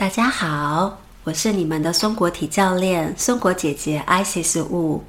大家好，我是你們的松果體教練松果姐姐 Isis Wu。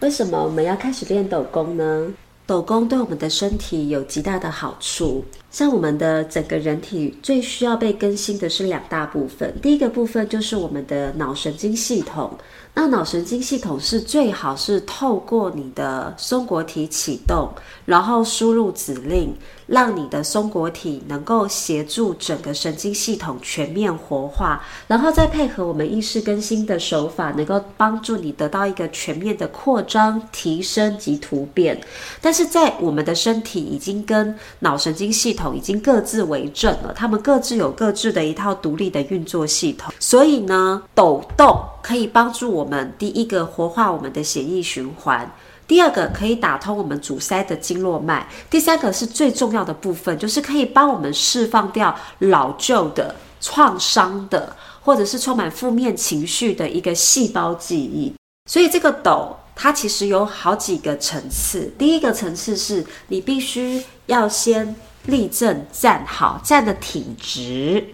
為什麼我們要開始練抖功呢？抖功對我們的身體有極大的好處。像我們的整個人體最需要被更新的是兩大部分，第一個部分就是我們的腦神經系統。那腦神經系統是最好是透過你的松果體啟動，然後輸入指令，讓你的松果體能夠協助整個神經系統全面活化，然後再配合我們意識更新的手法，能夠幫助你得到一個全面的擴張、提升及突變。但是在我們的身體已經跟腦神經系統。已經各自為政了，他們各自有各自的一套獨立的運作系統，所以呢，抖動可以幫助我們第一個活化我們的血液循環，第二個可以打通我們阻塞的經絡脈，第三個是最重要的部分，就是可以幫我們釋放掉老舊的創傷的或者是充滿負面情緒的一個細胞記憶。所以這個抖，它其實有好幾個層次，第一個層次是你必須要先。立正，站好，站的挺直，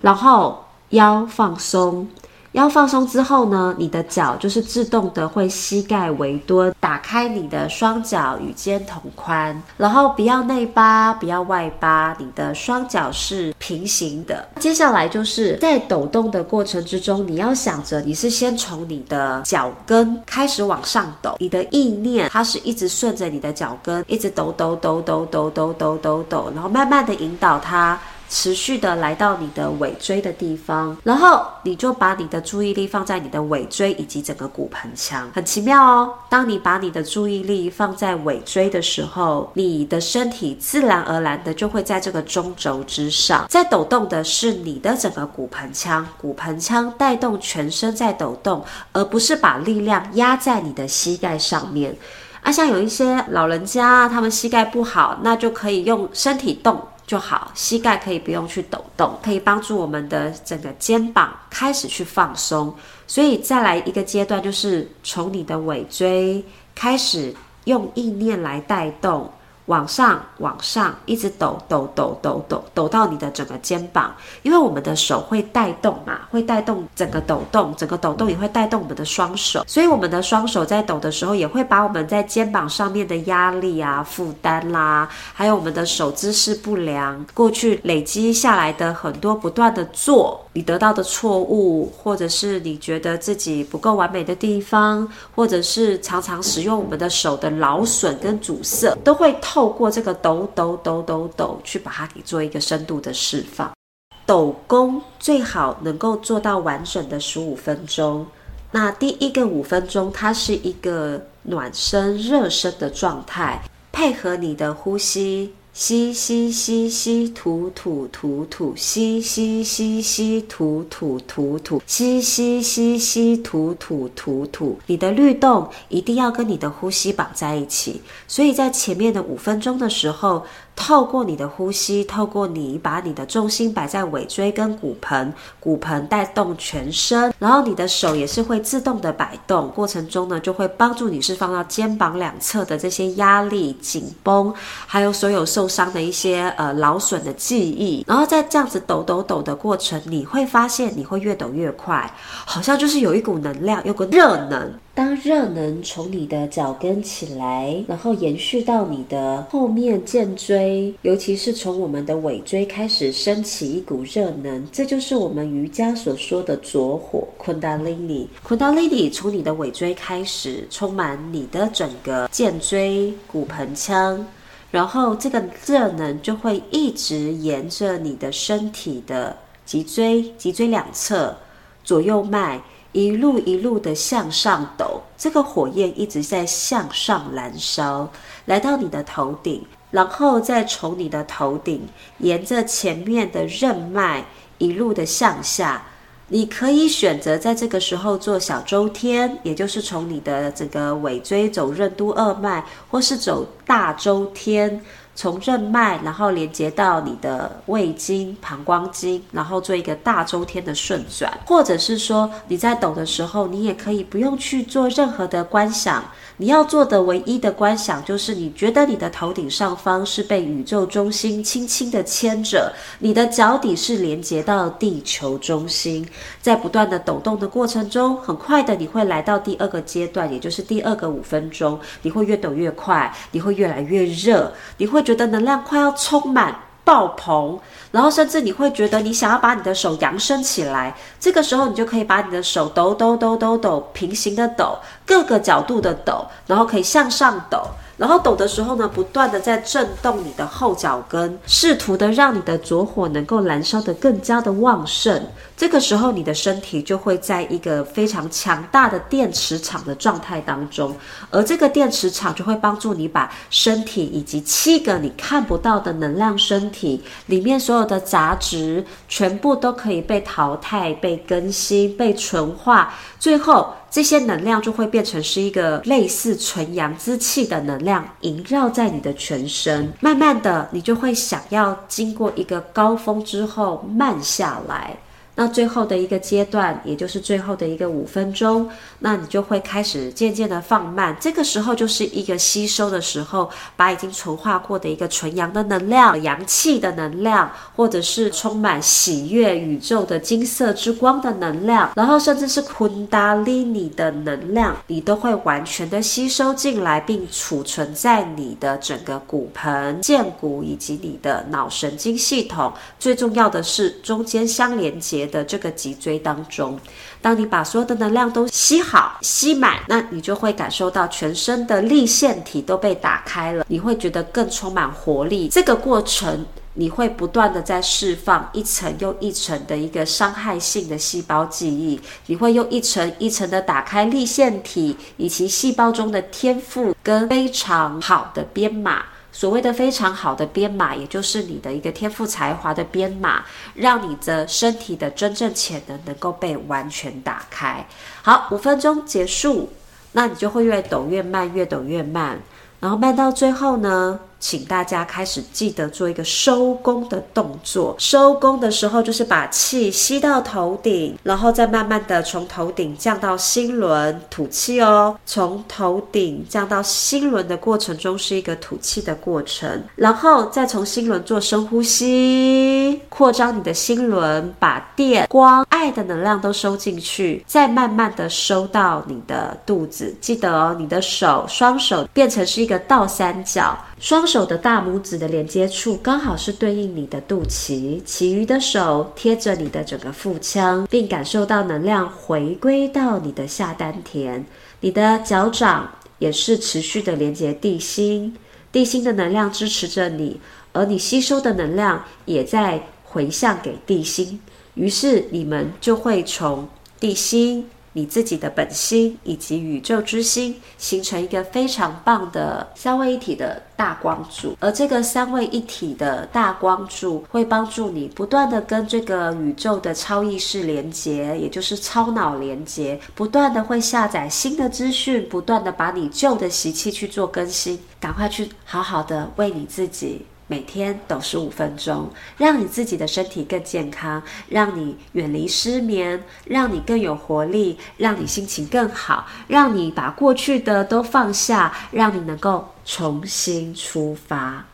然後腰放鬆。腰放鬆之後呢，你的腳就是自動的會膝蓋微蹲，打開你的雙腳與肩同寬，然後不要內八，不要外八，你的雙腳是平行的。接下來就是在抖動的過程之中，你要想着你是先從你的腳跟開始往上抖，你的意念它是一直順着你的腳跟一直抖抖抖抖抖抖抖抖抖，然後慢慢的引導它。持續的來到你的尾椎的地方，然後你就把你的注意力放在你的尾椎以及整個骨盆腔，很奇妙哦。當你把你的注意力放在尾椎的時候，你的身體自然而然的就會在這個中軸之上，在抖動的是你的整個骨盆腔，骨盆腔帶動全身在抖動，而不是把力量壓在你的膝蓋上面。啊，像有一些老人家，他們膝蓋不好，那就可以用身體動。就好，膝蓋可以不用去抖動，可以幫助我們的整個肩膀開始去放鬆。所以再來一個階段，就是從你的尾椎開始用意念來帶動。往上，往上，一直抖抖抖抖抖，抖到你的整個肩膀，因為我們的手會帶動嘛，會帶動整個抖動，整個抖動也會帶動我們的雙手，所以我們的雙手在抖的時候，也會把我們在肩膀上面的壓力啊、負擔啦、啊，還有我們的手姿勢不良，過去累積下來的很多不斷的做，你得到的錯誤，或者是你覺得自己不夠完美的地方，或者是常常使用我們的手的勞損跟阻塞，都會。透過這個抖抖抖抖抖去把它給做一個深度的釋放，抖功最好能夠做到完整的十五分鐘。那第一個五分鐘，它是一個暖身熱身的狀態，配合你的呼吸。吸吸吸吸吐吐吐吐，吸吸吸吸吐吐吐吐，吸吸吸吐吐吐吸，吸，吸吐吐吐，吸吸吸吐吐吐。你的律動一定要跟你的呼吸綁在一起，所以在前面的五分鐘的時候。透過你的呼吸，透過你把你的重心擺在尾椎跟骨盆，骨盆帶動全身，然後你的手也是會自動的擺動，過程中呢，就會幫助你釋放到肩膀兩側的這些壓力、緊繃，還有所有受傷的一些呃勞損的記憶。然後在這樣子抖抖抖的過程，你會發現你會越抖越快，好像就是有一股能量，有個熱能。當熱能從你的腳跟起來，然後延續到你的後面薦椎，尤其是從我們的尾椎開始升起一股熱能，這就是我們瑜伽所說的拙火 Kundalini。Kundalini 從你的尾椎開始，充滿你的整個薦椎骨盆腔，然後這個熱能就會一直沿着你的身體的脊椎、脊椎兩側、左右脈。一路一路的向上抖，這個火焰一直在向上燃燒，來到你的頭頂，然後再從你的頭頂沿着前面的任脈一路的向下。你可以選擇在這個時候做小周天，也就是從你的整個尾椎走任督二脈，或是走大周天。從任脈，然後連接到你的胃經、膀胱經，然後做一個大周天的順轉，或者是說你在抖的時候，你也可以不用去做任何的觀想，你要做的唯一的觀想就是你覺得你的頭頂上方是被宇宙中心輕輕地牽着，你的腳底是連接到地球中心，在不斷的抖動的過程中，很快的你會來到第二個階段，也就是第二個五分鐘，你會越抖越快，你會越來越熱，你會覺得能量快要充滿爆棚，然後甚至你會覺得你想要把你的手揚升起來。這個時候，你就可以把你的手抖抖抖抖抖，平行的抖，各個角度的抖，然後可以向上抖。然後抖的時候呢，不斷地在震動你的後腳跟，試圖的讓你的拙火能夠燃燒得更加的旺盛。這個時候，你的身體就會在一個非常強大的電磁場的狀態當中，而這個電磁場就會幫助你把身體以及七個你看不到的能量身體裡面所有的雜質，全部都可以被淘汰、被更新、被純化，最後。這些能量就會變成是一個類似純陽之氣的能量，縈繞在你的全身。慢慢的，你就會想要經過一個高峰之後慢下來。那最後的一個階段，也就是最後的一個五分鐘，那你就會開始漸漸的放慢。這個時候就是一個吸收的時候，把已經純化過的一個純陽的能量、陽氣的能量，或者是充滿喜悅宇宙的金色之光的能量，然後甚至是昆達利尼的能量，你都會完全的吸收進來，並儲存在你的整個骨盆、薦骨以及你的腦神經系統。最重要的是，中間相連接。的這個脊椎當中，當你把所有的能量都吸好、吸滿，那你就會感受到全身的粒線體都被打開了，你會覺得更充滿活力。這個過程，你會不斷的在釋放一層又一層的一個傷害性的細胞記憶，你會用一層一層的打開粒線體以及細胞中的天賦跟非常好的編碼。所謂的非常好的編碼，也就是你的一個天賦才華的編碼，讓你的身體的真正潛能能夠被完全打開。好，五分鐘結束，那你就會越抖越慢，越抖越慢，然後慢到最後呢，請大家開始記得做一個收功的動作。收功的時候，就是把氣吸到頭頂，然後再慢慢的從頭頂降到心輪，吐氣哦。從頭頂降到心輪的過程中是一個吐氣的過程，然後再從心輪做深呼吸，擴張你的心輪，把電光愛的能量都收進去，再慢慢的收到你的肚子。記得哦，你的手雙手變成是一個倒三角。雙手的大拇指的連接處剛好是對應你的肚臍，其餘的手貼着你的整個腹腔，並感受到能量回歸到你的下丹田。你的腳掌也是持續的連接地心，地心的能量支持着你，而你吸收的能量也在回向給地心，於是你們就會從地心。你自己的本心以及宇宙之心，形成一個非常棒的三位一體的大光柱，而這個三位一體的大光柱會幫助你不斷的跟這個宇宙的超意識連接，也就是超腦連接，不斷的會下載新的資訊，不斷的把你舊的習氣去做更新，趕快去好好的為你自己。每天抖十五分鐘，讓你自己的身體更健康，讓你遠離失眠，讓你更有活力，讓你心情更好，讓你把過去的都放下，讓你能夠重新出發。